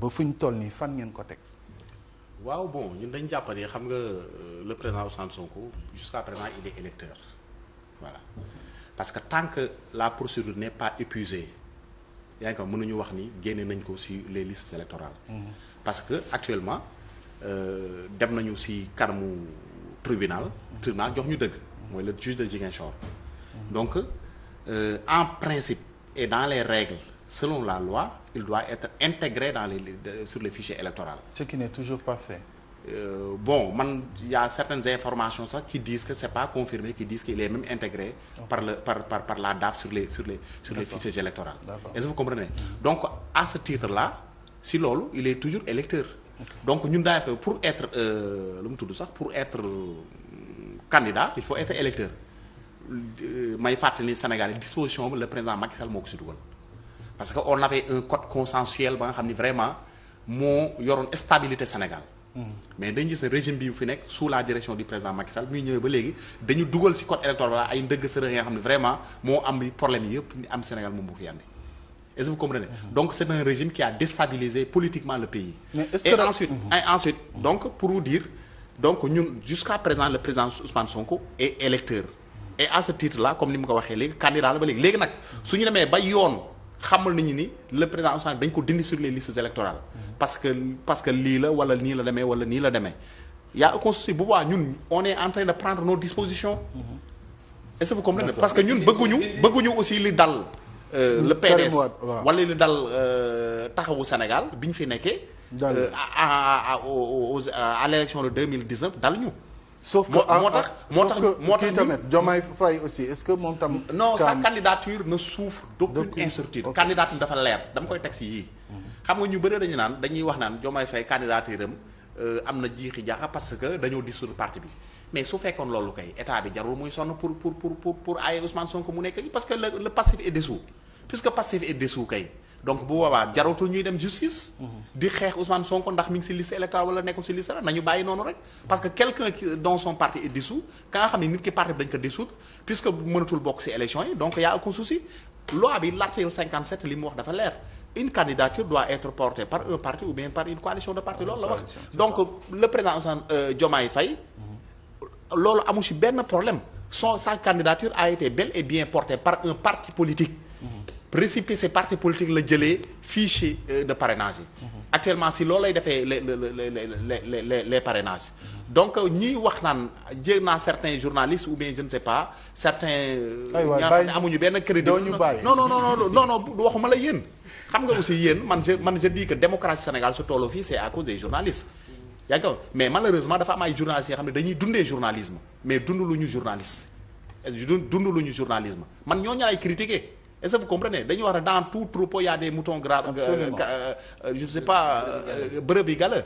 ba fu ñu toll nii fan ngeen ko teg. waaw bon ñun dañu jàpp ne xam nga euh, le président Ousmane Sonko jusqu'à présent il est électeur voilà parce que tant que la procédure ne pas épuisée yaa ngi ko nañu wax ni génne nañ ko ci les listes électorales. Mm-hmm. parce que actuellement euh, dem nañu ci kanamu tribunal. tribunal jox ñu dëgg. mooy le juge de Ziguinchor. Mm-hmm. donc euh, en principe et dans les règles selon la loi. il doit être intégré dans les sur le fichier électoral. toujours pas fait. Euh, bon man y a certaines informations sax ci disent que c'est pas confirmé qui disent qu'il est même intégré okay. par le par par par la DAF sur les sur les sur les Est-ce que vous comprenez? Mhm. Donc à ce titre-là si loolu il est toujours électeur. Donc ñun daa pour être euh, lu mu tudd sax pour être euh, candidat il faut être électeur may fàttali Sénégal disposition bi le président Macky Sall moo ko si dugal. parce que on avait un code consensuel ba nga xam ni vraiment moo yoroon stabilité Sénégal. Mmh. mais dañu gis ne régime bi fi nekk sous la direction du président Macky Sall muy ñëwee ba léegi dañu dugal ci code électoral ay ndëgg sërëx nga xam ne vraiment moo am problème yi yëpp ni am Sénégal moom moo fi yànde est-ce que vous comprenez mmh. donc c'est un régime qui a déstabilisé politiquement le pays. mais est-ce mhm. et ensuite mhm. donc pour vous dire donc ñun jusqu'à président comme ni mu ko waxee léegi candidat la ba léegi léegi nag suñu demee ba yoon. xamal nañu ni le président Ousmane dañ ko dindi sur les listes électorales parce que parce que lii la wala nii la demee wala nii la demee yaa constitué bu boobaa ñun on est en train de prendre nos dispositions est parce que ñun bëgguñu bëgguñu aussi li dal euh, le PDS wala li dal euh, taxawu Sénégal bi ñu fi nekkee euh, à à à l'élection de 2019 dal ñu sauf moo tax moo tax moo tax tamit Diomaye est-ce que moom tam. non sa candidature ne souffre d'aucune incertitude. candidature dafa leer dama koy teg si yii. xam nga ñu bëre dañu naan dañuy wax naan Diomaye Faye candidature am euh, am na jiixi jaaxa parce que dañoo dissoudre parti bi mais su fekkoon loolu kay état bi jarul muy sonn pour pour pour pour pour aaye Ousmane mu nekk parce que le le passif est dessous puisque passif est dessous kay. donc bu boobaa jarutul ñuy dem justice. di xeex Ousmane Sonko ndax mi ngi si liste électorale wala nekkul ci liste la nañu bàyyi noonu rek. parce que quelqu'un qui son parti est dissous ka nga xam ne nit ki parti bi dañ ko dissoudre puisque mënatul bokk ci élection yi donc y a aucun souci loi bi wax dafa leer. une candidature doit être portée par un parti ou bien par une coalition de loolu la wax euh, amu ci benn problème son sa candidature a été et bien portée par un parti politique récépissé parti politique la jëlee fichier euh, de parrainage yi. Mhm. actuellement si loolu lay defee les les les les parrainages. donc euh, ñiy wax naan jég naa certains journalistes ou bien je ne sais pas certains. Euh, aywa bàyyi amuñu benn crédit. doo ñu bàyyi non non non non non waxuma la yéen. xam nga aussi yéen man je man je dis que démocratie Sénégal su tolloo fii c'est à cause des journalistes. yaa ngi mais malheureusement dafa am ay journalistes yoo xam ne dañuy dundee journalisme mais dund lu ñu journaliste. est-ce que dund lu ñu journalisme man ñooñu ay critiquer. est-ce que vous comprenez dañu wax dans tout troupeau y a des moutons gras. Euh, absolument euh, euh, je ne sais pas euh, euh, brebis galeux.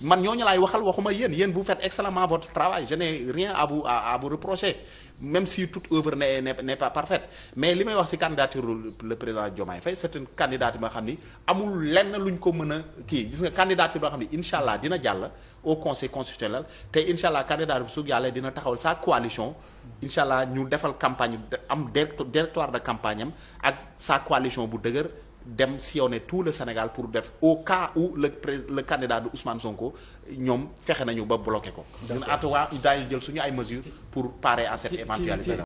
man ñooñu laay waxal waxuma yéen yéen vous faites excellemment votre travail je n'ai rien à vous reprocher même si toute œuvre n'est n'est pas parfaite mais li may wax ci candidature le président Diomaye Faye c'est une candidature boo xam ni amul lenn luñ ko mën a kii gis nga candidature boo xam ni incha allah dina jàll au conseil constitutionnel te incha allah candidat bi su yàlla dina taxawal sa coalition incha allah ñu defal campagne am directoire de campagne am ak sa bu dëgër. dem si sillonner tout le Sénégal pour def au cas où le pré le candidat de Ousmane Sonko ñoom fexe nañu ba bloqué ko. d' accord daañu jël suñu ay mesures pour parer à cette éventualité la